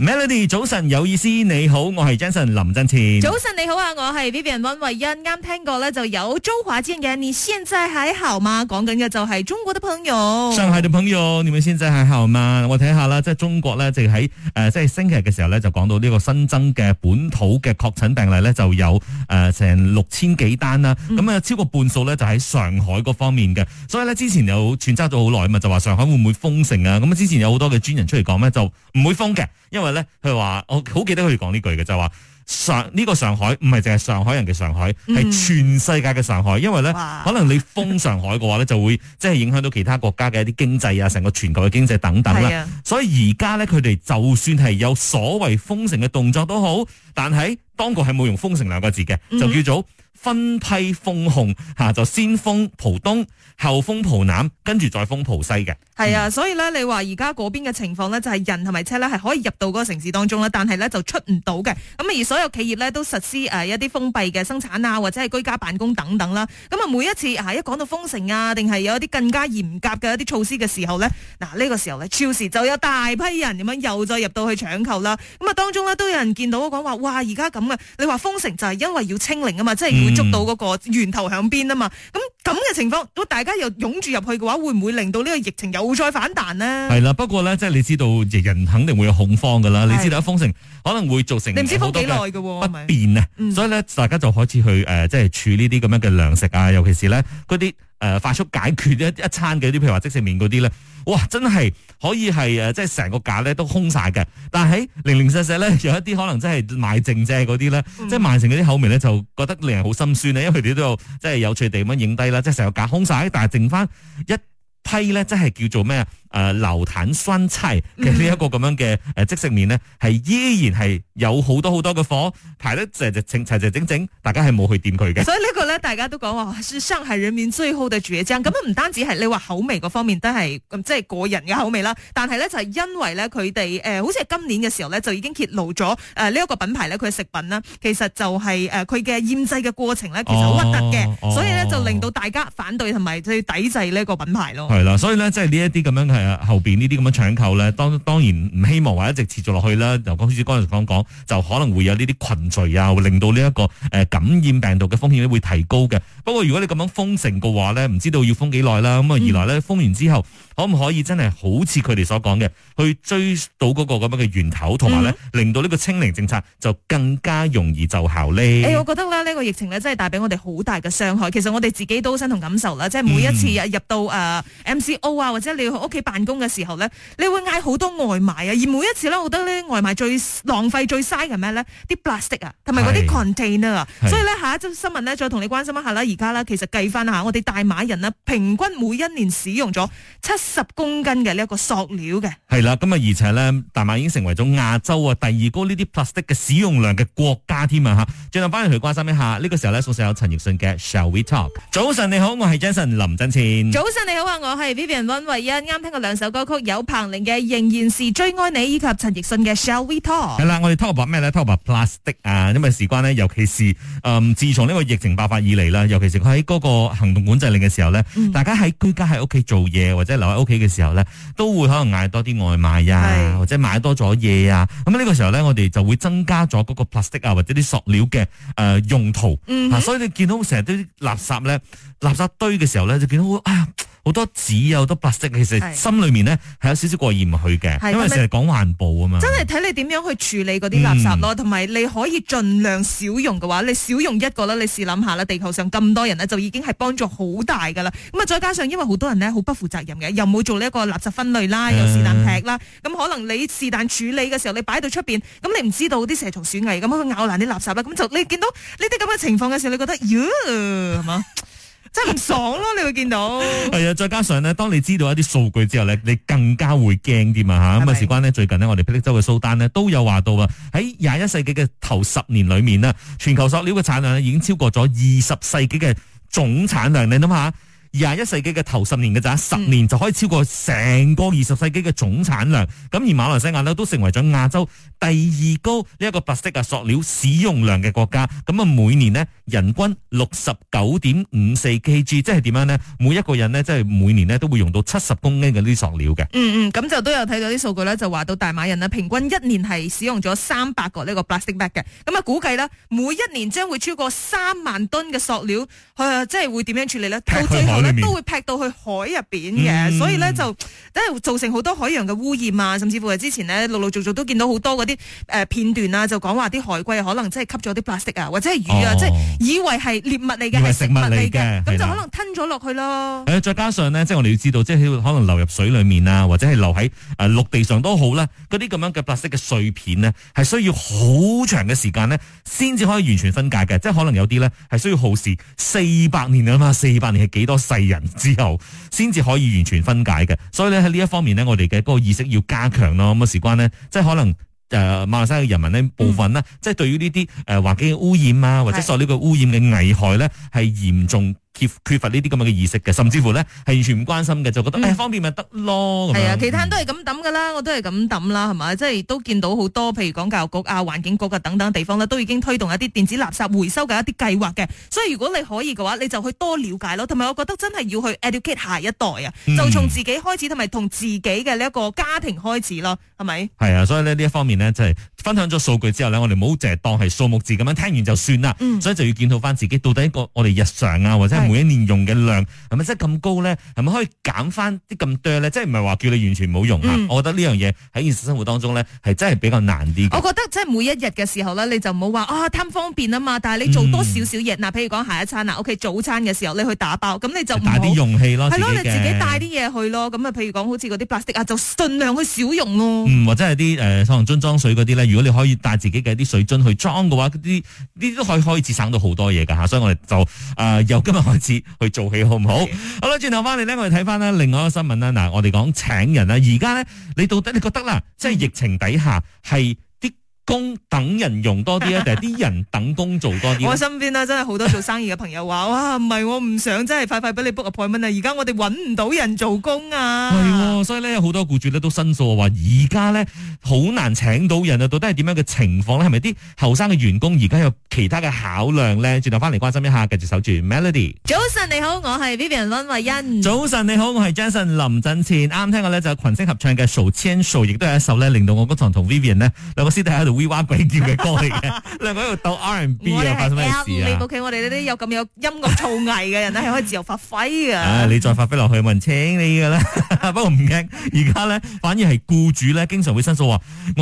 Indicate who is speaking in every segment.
Speaker 1: Melody，早晨有意思，你好，我係 Jason 林振前。早
Speaker 2: 晨你好啊，我係 Vivian 溫慧欣。啱聽過咧就有周華健嘅，你現在喺后嘛？講緊嘅就係中國的朋友，上海
Speaker 1: 嘅朋友，你們現在喺后嘛？我睇下啦，即係中國咧，就喺誒，即係、呃、星期日嘅時候咧，就講到呢個新增嘅本土嘅確診病例咧，就有誒成、呃、六千幾單啦。咁啊、嗯，嗯、超過半數咧就喺上海嗰方面嘅。所以呢，之前有揣測咗好耐啊嘛，就話上海會唔會封城啊？咁之前有好多嘅專人出嚟講呢，就唔會封嘅，因為。佢話我好記得佢哋講呢句嘅，就話上呢、這個上海唔係淨係上海人嘅上海係、嗯、全世界嘅上海因為呢，哇可能你封上海嘅話呢，就會即係影響到其他國家嘅一啲經濟啊，成個全球嘅經濟等等啦。啊、所以，而家呢，佢哋就算係有所謂封城嘅動作都好，但係當局係冇用封城兩個字嘅，就叫做。嗯分批封控吓，就先封浦東，後封浦南，跟住再封浦西嘅。
Speaker 2: 係、嗯、啊，所以咧，你話而家嗰邊嘅情況咧，就係人同埋車咧係可以入到嗰個城市當中啦，但係咧就出唔到嘅。咁而所有企業咧都實施誒一啲封閉嘅生產啊，或者係居家辦公等等啦。咁啊，每一次啊，一講到封城啊，定係有一啲更加嚴格嘅一啲措施嘅時候咧，嗱、這、呢個時候咧，超市就有大批人點樣又再入到去搶購啦。咁啊，當中咧都有人見到講話，哇，而家咁啊，你話封城就係因為要清零啊嘛，即係、嗯。捉到嗰個源頭響邊啊嘛，咁咁嘅情況，如果大家又湧住入去嘅話，會唔會令到呢個疫情又再反彈呢？係
Speaker 1: 啦，不過咧，即係你知道，人肯定會有恐慌噶啦。的你知道封城可能會造成你唔知封幾耐㗎不便啊，所以咧，大家就開始去誒，即係儲呢啲咁樣嘅糧食啊，尤其是咧嗰啲。誒，快速解決一一餐嘅啲，譬如話即食麵嗰啲咧，哇，真係可以係誒，即係成個架咧都空曬嘅。但係零零細細咧，有一啲可能真係賣剩蔗嗰啲咧，即係賣剩嗰啲口味咧，就覺得令人好心酸啊，因為佢哋都有即係有趣地咁樣影低啦，即係成個架空曬，但係剩返一。批咧即係叫做咩啊？誒、呃、流坦酸菜，其呢一個咁樣嘅誒即食麵呢，係、嗯、依然係有好多好多嘅火排得齊齊整齊齊整整，大家係冇去掂佢嘅。所以個
Speaker 2: 呢個咧，大家都講話商喺裏面最好嘅煮嘢，咁啊唔單止係你話口味嗰方面都係咁，即、嗯、係、就是、個人嘅口味啦。但係咧就係、是、因為咧佢哋誒，好似係今年嘅時候咧，就已經揭露咗誒呢一個品牌咧佢嘅食品啦，其實就係誒佢嘅醃製嘅過程咧，其實好核突嘅，哦、所以咧就令到大家反對同埋去抵制呢一個品牌咯。係啦，
Speaker 1: 所以咧，即係呢一啲咁樣嘅後邊呢啲咁樣搶購咧，當當然唔希望話一直持續落去啦。由公司剛才講講，就可能會有呢啲群聚啊，會令到呢一個誒感染病毒嘅風險咧會提高嘅。不過如果你咁樣封城嘅話咧，唔知道要封幾耐啦。咁啊，二來咧封完之後，可唔可以真係好似佢哋所講嘅，去追到嗰個咁樣嘅源頭，同埋咧令到呢個清零政策就更加容易奏效呢？誒、欸，我
Speaker 2: 覺得呢個疫情咧真係帶俾我哋好大嘅傷害。其實我哋自己都身同感受啦，即係每一次入到、嗯啊 MCO 啊，或者你去屋企辦公嘅時候咧，你會嗌好多外賣啊。而每一次咧，我覺得咧外賣最浪費最嘥嘅咩咧？啲 plastic 啊，同埋嗰啲 container 啊。所以咧，下一則新聞咧，再同你關心一下啦。而家咧，其實計翻下，我哋大馬人啊，平均每一年使用咗七十公斤嘅呢一個塑料嘅。
Speaker 1: 係啦，咁啊，而且咧，大馬已經成為咗亞洲啊第二高呢啲 plastic 嘅使用量嘅國家添啊！嚇，最後翻嚟去關心一下。呢個時候咧，送上有陳奕迅嘅《Shall We Talk》。早晨你好，我係 Jason 林振前。早
Speaker 2: 晨你好啊，我，係 Vivian 溫慧欣，啱聽過兩首歌曲，有彭羚嘅《仍然是最愛你》，以及陳奕迅嘅《Shall We Talk》。
Speaker 1: 係啦，我哋 talk 咩咧？talk plastic 啊，因為事關呢，尤其是誒、呃，自從呢個疫情爆發以嚟啦，尤其是佢喺嗰個行動管制令嘅時候咧，嗯、大家喺居家喺屋企做嘢，或者留喺屋企嘅時候咧，都會可能嗌多啲外賣啊，的或者買多咗嘢啊。咁呢個時候咧，我哋就會增加咗嗰個 plastic 啊，或者啲塑料嘅誒、呃、用途、嗯哼啊。所以你見到成堆垃圾咧，垃圾堆嘅時候咧，就見到，好多紙，有好多白色，其實心裏面呢，係有少少過意唔去嘅，是的因為成日講環保啊嘛。真係
Speaker 2: 睇你點樣去處理嗰啲垃圾咯，同埋，嗯，你可以盡量少用嘅話，你少用一個啦。你試諗下啦，地球上咁多人呢，就已經係幫助好大㗎啦。咁啊，再加上因為好多人呢，好不負責任嘅，又冇做呢一個垃圾分類啦，又是但劈啦，咁，呃，可能你是但處理嘅時候，你擺到出邊，咁你唔知道啲蛇蟲鼠蟻咁樣去咬爛啲垃圾啦。咁就你見到呢啲咁嘅情況嘅時候，你覺得，係嘛？是吧 真係唔爽
Speaker 1: 咯！你會見到係啊， 再加上咧，當你知道一啲數據之後咧，你更加會驚啲啊嚇咁啊！事關咧最近呢，我哋霹靂州嘅蘇丹咧都有話到啊，喺廿一世紀嘅頭十年裡面啊，全球塑料嘅產量咧已經超過咗二十世紀嘅總產量，你諗下。廿一世紀嘅頭十年嘅咋，十年就可以超過成個二十世紀嘅總產量。咁而馬來西亞咧都成為咗亞洲第二高呢一個白色嘅塑料使用量嘅國家。咁啊，每年咧人均六十九點五四 kg，即係點樣咧？每一個人咧即係每年咧都會用到七十公斤嘅呢啲塑料嘅。嗯
Speaker 2: 嗯，咁就都有睇到啲數據咧，就話到大馬人咧平均一年係使用咗三百個呢個 plastic bag 嘅。咁啊，估計咧每一年將會超過三萬噸嘅塑料，誒，即係會點樣處理咧？到最後。都會劈到去海入邊嘅，嗯、所以咧就等係造成好多海洋嘅污染啊！甚至乎啊，之前呢，陸陸續續都見到好多嗰啲誒片段啊，就講話啲海龜可能真係吸咗啲白色啊，或者係魚啊，即係、哦、以為係獵物嚟嘅，係食物嚟嘅，咁就可能吞咗落去
Speaker 1: 咯。再加上呢，即係我哋要知道，即係可能流入水裏面啊，或者係留喺誒陸地上都好啦。嗰啲咁樣嘅白色嘅碎片呢，係需要好長嘅時間呢先至可以完全分解嘅。即係可能有啲呢，係需要耗時四百年啊嘛，四百年係幾多？世人之後，先至可以完全分解嘅，所以咧喺呢一方面咧，我哋嘅嗰個意識要加強咯。咁啊，事關咧，即係可能誒、呃、馬來西亞嘅人民呢部分咧，嗯、即係對於呢啲誒環境嘅污染啊，或者受呢個污染嘅危害咧，係是嚴重。缺乏呢啲咁嘅意識嘅，甚至乎呢係完全唔關心嘅，就覺得誒、嗯哎、方便咪得咯。係啊，其他人
Speaker 2: 都係咁諗噶啦，嗯、我都係咁諗啦，係咪？即係都見到好多，譬如講教育局啊、環境局啊等等地方呢，都已經推動一啲電子垃圾回收嘅一啲計劃嘅。所以如果你可以嘅話，你就去多了解咯。同埋我覺得真係要去 educate 下一代啊，就從自己開始，同埋同自己嘅呢一個家庭開始咯，係咪？
Speaker 1: 係啊，所以呢呢一方面呢，即係。分享咗數據之後呢，我哋唔好淨係當係數目字咁樣聽完就算啦。嗯、所以就要檢討翻自己到底一個我哋日常啊，或者係每一年用嘅量係咪是真係咁高咧？係咪可以減翻啲咁多咧？即係唔係話叫你完全冇用啊？嗯、我覺得呢樣嘢喺現實生活當中咧係真係比較難啲。我
Speaker 2: 覺得即係每一日嘅時候咧，你就唔好話啊貪方便啊嘛。但係你做多少少嘢嗱，譬、嗯、如講下一餐嗱，OK 早餐嘅時候你去打包，咁你就帶啲容器咯。係咯，你自己帶啲嘢去咯。咁啊，譬如講好似嗰啲白色啊，就儘量去少用咯。嗯、
Speaker 1: 或者係啲誒塑膠樽裝水嗰啲咧。.如果你可以帶自己嘅啲水樽去裝嘅話，啲啲都可以開始省到好多嘢嘅吓，所以我哋就啊、呃、由今日開始去做起，好唔好？是的 好啦，轉頭翻嚟咧，我哋睇翻呢另外一個新聞啦。嗱，我哋講請人啦，而家咧你到底你覺得啦，即係疫情底下係啲工等人用多啲啊，定係啲人等工做多啲？ 我
Speaker 2: 身邊呢，真係好多做生意嘅朋友話： 哇，唔係我唔想，真係快快俾你 book 個 payment 啊！而家我哋揾唔到人做工
Speaker 1: 啊！係，所以咧有好多僱主咧都申訴話，而家咧。好難請到人啊！到底係點樣嘅情況咧？係咪啲後生嘅員工而家有其他嘅考量咧？轉頭翻嚟關心一下，繼續守住 Melody。早晨你好，我係 Vivian 溫慧欣。早晨你好，我係 Jason 林振倩。啱啱聽嘅咧就群星合唱嘅 So Gentle 亦都係一首咧令到我嗰堂同 Vivian 呢兩個師弟喺度 We 彎鬼叫嘅歌嚟嘅，兩 個喺度鬥 R n B 啊！ 發生咩事啊？未哋係你，我哋呢
Speaker 2: 啲有咁有
Speaker 1: 音樂造詣嘅人係可以自由發揮㗎。你再發揮落去，冇人請你嘅啦。 不過唔驚。而家咧，反而係僱主咧，經常會申訴。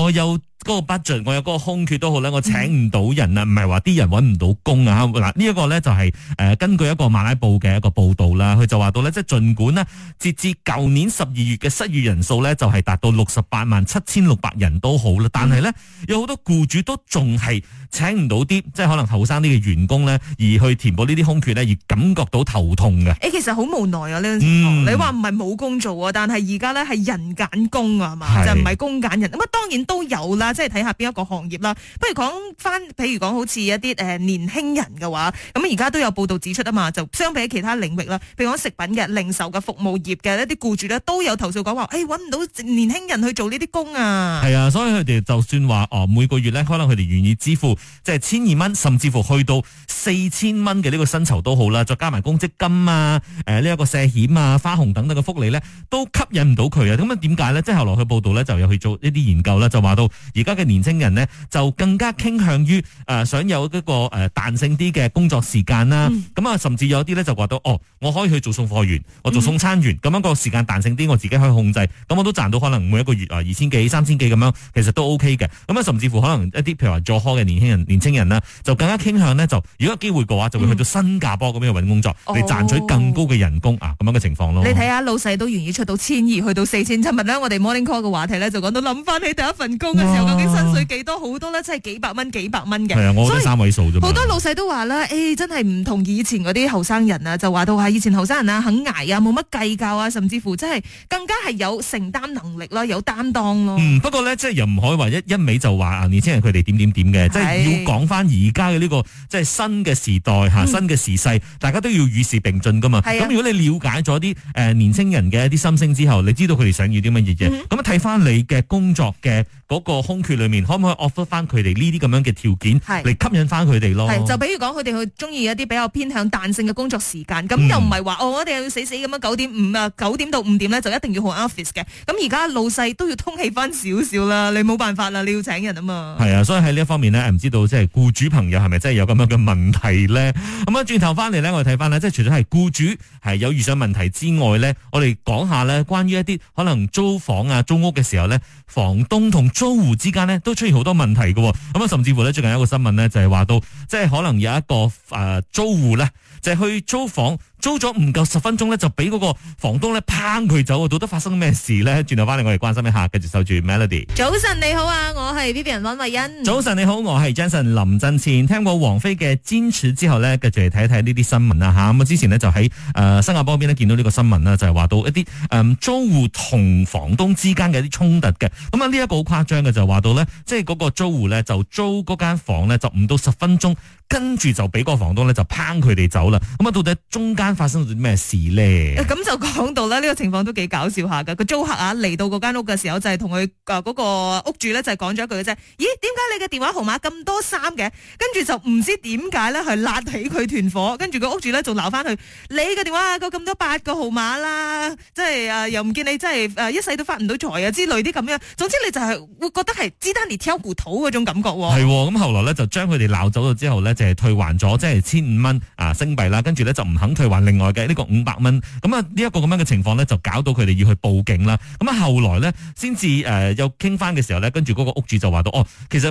Speaker 1: 我有。嗰個 budget，我有嗰個空缺都好咧，我請唔到人,、嗯、人到啊，唔係話啲人搵唔到工啊吓嗱，呢一個咧就係誒根據一個馬拉布嘅一個報道啦，佢就話到咧，即係盡管咧截至舊年十二月嘅失業人數咧就係、是、達到六十八萬七千六百人都好啦，但係咧、嗯、有好多雇主都仲係請唔到啲即係可能後生啲嘅員工咧，而去填補呢啲空缺咧，而感覺到頭痛嘅
Speaker 2: 誒，其實好無奈啊呢、嗯哦，你話唔係冇工做啊，但係而家咧係人揀工啊嘛，就唔係工揀人咁啊，當然都有啦。即係睇下邊一個行業啦。不如講翻，譬如講好似一啲誒年輕人嘅話，咁而家都有報道指出啊嘛，就相比起其他領域啦，譬如講食品嘅、零售嘅、服務業嘅一啲僱主咧，都有投訴講話，誒搵唔到年輕人去做呢啲工啊。
Speaker 1: 係啊，所以佢哋就算話哦，每個月咧，可能佢哋願意支付即係千二蚊，甚至乎去到四千蚊嘅呢個薪酬都好啦，再加埋公積金啊、誒呢一個社險啊、花紅等等嘅福利咧，都吸引唔到佢啊。咁啊，點解咧？即係後來佢報道咧，就有去做呢啲研究咧，就話到。而家嘅年青人呢，就更加傾向於誒想有一個誒彈性啲嘅工作時間啦。咁啊、嗯，甚至有啲咧就話到哦，我可以去做送貨員，我做送餐員，咁、嗯、樣個時間彈性啲，我自己可以控制。咁我都賺到可能每一個月啊二千幾、三千幾咁樣，其實都 OK 嘅。咁啊，甚至乎可能一啲譬如話做開嘅年輕人、年青人啦，就更加傾向呢。就如果機會嘅話，就會去到新加坡咁樣去揾工作，嚟、嗯、賺取更高嘅人工啊咁、哦、樣嘅情況咯。你睇
Speaker 2: 下老細都願意出到千二，去到四千七蚊。呢，我哋 Morning Call 嘅話題呢，就講到諗翻起第一份工嘅時候。啊、究竟薪水幾多？好多咧，即係幾百蚊，幾百蚊嘅。係啊，我覺得三
Speaker 1: 位數啫。好多
Speaker 2: 老細都話咧，誒、欸，真係唔同以前嗰啲後生人啊，就話到話以前後生人啊，肯捱啊，冇乜計較啊，甚至乎即係更加係有承擔能力咯，有擔當咯、
Speaker 1: 嗯。不過咧，即係又唔可以話一一味就話年輕人佢哋點點點嘅，即係的要講翻而家嘅呢個即係新嘅時代嚇，嗯、新嘅時勢，大家都要與時並進噶嘛。咁的如果你了解咗啲誒年輕人嘅一啲心聲之後，你知道佢哋想要啲乜嘢嘢。咁睇翻你嘅工作嘅嗰個空缺裏面可唔可以 offer 翻佢哋呢啲咁樣嘅條件嚟是吸引翻佢哋咯？就比
Speaker 2: 如講，佢哋去中意一啲比較偏向彈性嘅工作時間，咁又唔係話我哋又要死死咁樣九點五啊九點到五點咧就一定要去 office 嘅。咁而家老細都要通氣翻少少啦，你冇辦法啦，你要請人啊嘛。係
Speaker 1: 啊，所以喺呢一方面咧，唔知道即係僱主朋友係咪真係有咁樣嘅問題咧？咁啊，轉頭翻嚟咧，我哋睇翻咧，即係除咗係僱主係有遇上問題之外咧，我哋講下咧，關於一啲可能租房啊租屋嘅時候咧，房東同租戶。之間咧都出現好多問題嘅，咁啊，甚至乎咧最近有一個新聞咧就係話到，即係可能有一個誒、呃、租戶咧就係、是、去租房。租咗唔夠十分鐘咧，就俾嗰個房東咧拋佢走，到底發生咩事咧？轉頭翻嚟我哋關心一下，繼續守住 Melody。早晨你好啊，我
Speaker 2: 係 B B
Speaker 1: 人溫慧欣。早晨你好，我係 Jason 林振前。聽過王菲嘅堅持之後咧，繼續嚟睇一睇呢啲新聞啦吓。咁啊、嗯，之前呢，就喺誒、呃、新加坡邊咧見到呢個新聞啦，就係、是、話到一啲誒、呃、租戶同房東之間嘅一啲衝突嘅。咁啊呢一個好誇張嘅就話、是、到呢，即係嗰個租戶咧就租嗰間房咧就唔到十分鐘，跟住就俾嗰個房東咧就拋佢哋走啦。咁、嗯、啊到底中間？發生咗啲咩事咧？
Speaker 2: 咁就講到啦，呢個情況都幾搞笑下噶。個租客啊嚟到嗰間屋嘅時候，就係同佢啊嗰個屋主咧，就係講咗一句嘅啫。咦？點？嘅電話號碼咁多三嘅，跟住就唔知點解咧，係焫起佢團火，跟住個屋主咧就鬧翻佢。你嘅電話咁多八個號碼啦，即係誒、呃，又唔見你，真係誒，一世都發唔到財啊之類啲咁樣。總之你就係、是、會覺得係知單挑骨
Speaker 1: 頭嗰種感覺。係咁、哦，後來咧就將佢哋鬧走咗之後咧，就係、是、退還咗即係千五蚊啊星幣啦，跟住咧就唔肯退還另外嘅呢個五百蚊。咁啊呢一個咁樣嘅情況咧，就搞到佢哋要去報警啦。咁啊後來咧先至誒又傾翻嘅時候咧，跟住嗰個屋主就話到哦，其實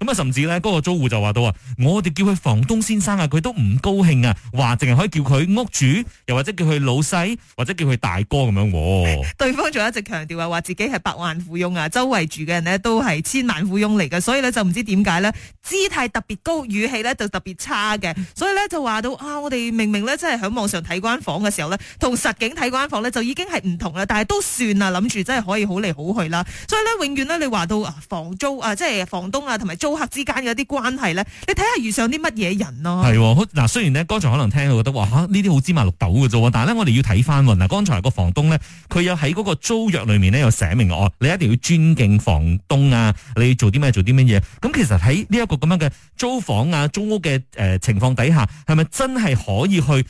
Speaker 1: 咁啊，甚至呢個租戶就話到啊，我哋叫佢房東先生啊，佢都唔高興啊，話淨係可以叫佢屋主，又或者叫佢老細，或者叫佢大哥咁樣。
Speaker 2: 對方仲一直強調啊，話自己係百萬富翁啊，周圍住嘅人呢都係千萬富翁嚟嘅。所以咧就唔知點解呢，姿態特別高，語氣呢就特別差嘅，所以呢，就話到啊，我哋明明呢，真係喺網上睇間房嘅時候呢，同實景睇嗰間房呢，就已經係唔同啦，但係都算啊，諗住真係可以好嚟好去啦。所以呢，永遠呢，你話到房租啊，即係房東啊，同埋租。租客之間有啲關係咧，你睇下遇上啲乜嘢人咯。
Speaker 1: 係嗱，雖然咧剛才可能聽到覺得哇，呢啲好芝麻綠豆嘅啫，但係咧我哋要睇翻嗱，剛才個房東咧，佢有喺嗰個租約裏面咧，又寫明哦，你一定要尊敬房東啊，你要做啲咩，做啲乜嘢。咁其實喺呢一個咁樣嘅租房啊，租屋嘅誒情況底下，係咪真係可以去誒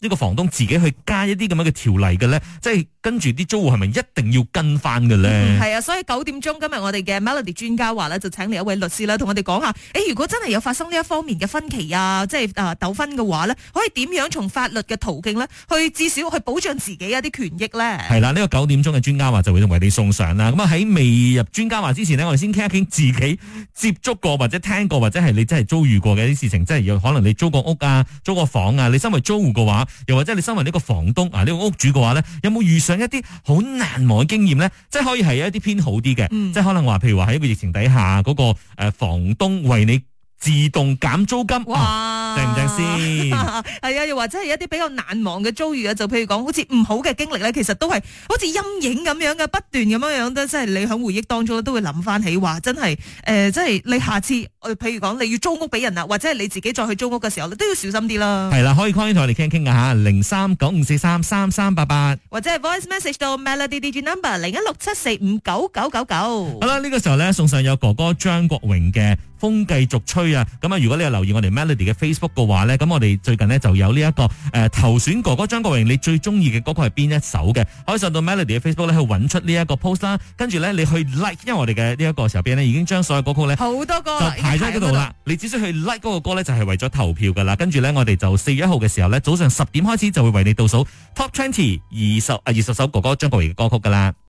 Speaker 1: 呢個房東自己去加一啲咁樣嘅條例嘅咧？即係跟住啲租戶係咪一定要跟翻嘅咧？係啊、嗯，
Speaker 2: 所以九點鐘今日我哋嘅 Melody 專家話咧，就請嚟一位律師啦。同我哋講下，誒、欸，如果真係有發生呢一方面嘅分歧啊，即係誒糾紛嘅話咧，可以點樣從法律嘅途徑咧，去至少去保障自己一啲權益咧？
Speaker 1: 係啦，呢、這個九點鐘嘅專家話就會為你送上啦。咁啊，喺未入專家話之前呢，我哋先傾一傾自己接觸過或者聽過或者係你真係遭遇過嘅一啲事情，即係可能你租個屋啊，租個房啊，你身為租戶嘅話，又或者你身為呢個房東啊，呢個屋主嘅話咧，有冇遇上一啲好難忘嘅經驗咧？即係可以係一啲偏好啲嘅，嗯、即係可能話，譬如話喺個疫情底下嗰、那個誒、呃房東為你自動減租金。哇唔定先，
Speaker 2: 係啊，又、啊啊、或者係一啲比較難忘嘅遭遇啊，就譬如講好似唔好嘅經歷咧，其實都係好似陰影咁樣嘅，不斷咁樣樣都即係你喺回憶當中咧，都會諗翻起話真係誒、呃、即係你下次譬如講你要租屋俾人啊，或者係你自己再去租屋嘅時候，你都要小心啲啦。係啦、
Speaker 1: 啊，可以 call 呢同我哋傾一傾嘅吓，零三九五四三三三八八，88，
Speaker 2: 或者係 voice message 到 melody DJ number 零一六七四五九九九九。
Speaker 1: 好啦，呢個時候咧，送上有哥哥張國榮嘅風繼續吹啊！咁啊，如果你有留意我哋 melody 嘅 Facebook。嘅話咧，咁我哋最近咧就有呢、這、一個誒，投、呃、選哥哥張國榮，你最中意嘅歌曲係邊一首嘅？可以上到 Melody 嘅 Facebook 咧去揾出呢一個 post 啦，跟住咧你去 like，因為我哋嘅呢一個時候邊咧已經將所有歌曲咧好多歌排在嗰度啦，你只需要去 like 嗰個歌咧就係為咗投票噶啦，跟住咧我哋就四月一號嘅時候咧早上十點開始就會為你倒數 Top Twenty 二十啊二十首哥哥張國榮嘅歌曲噶啦。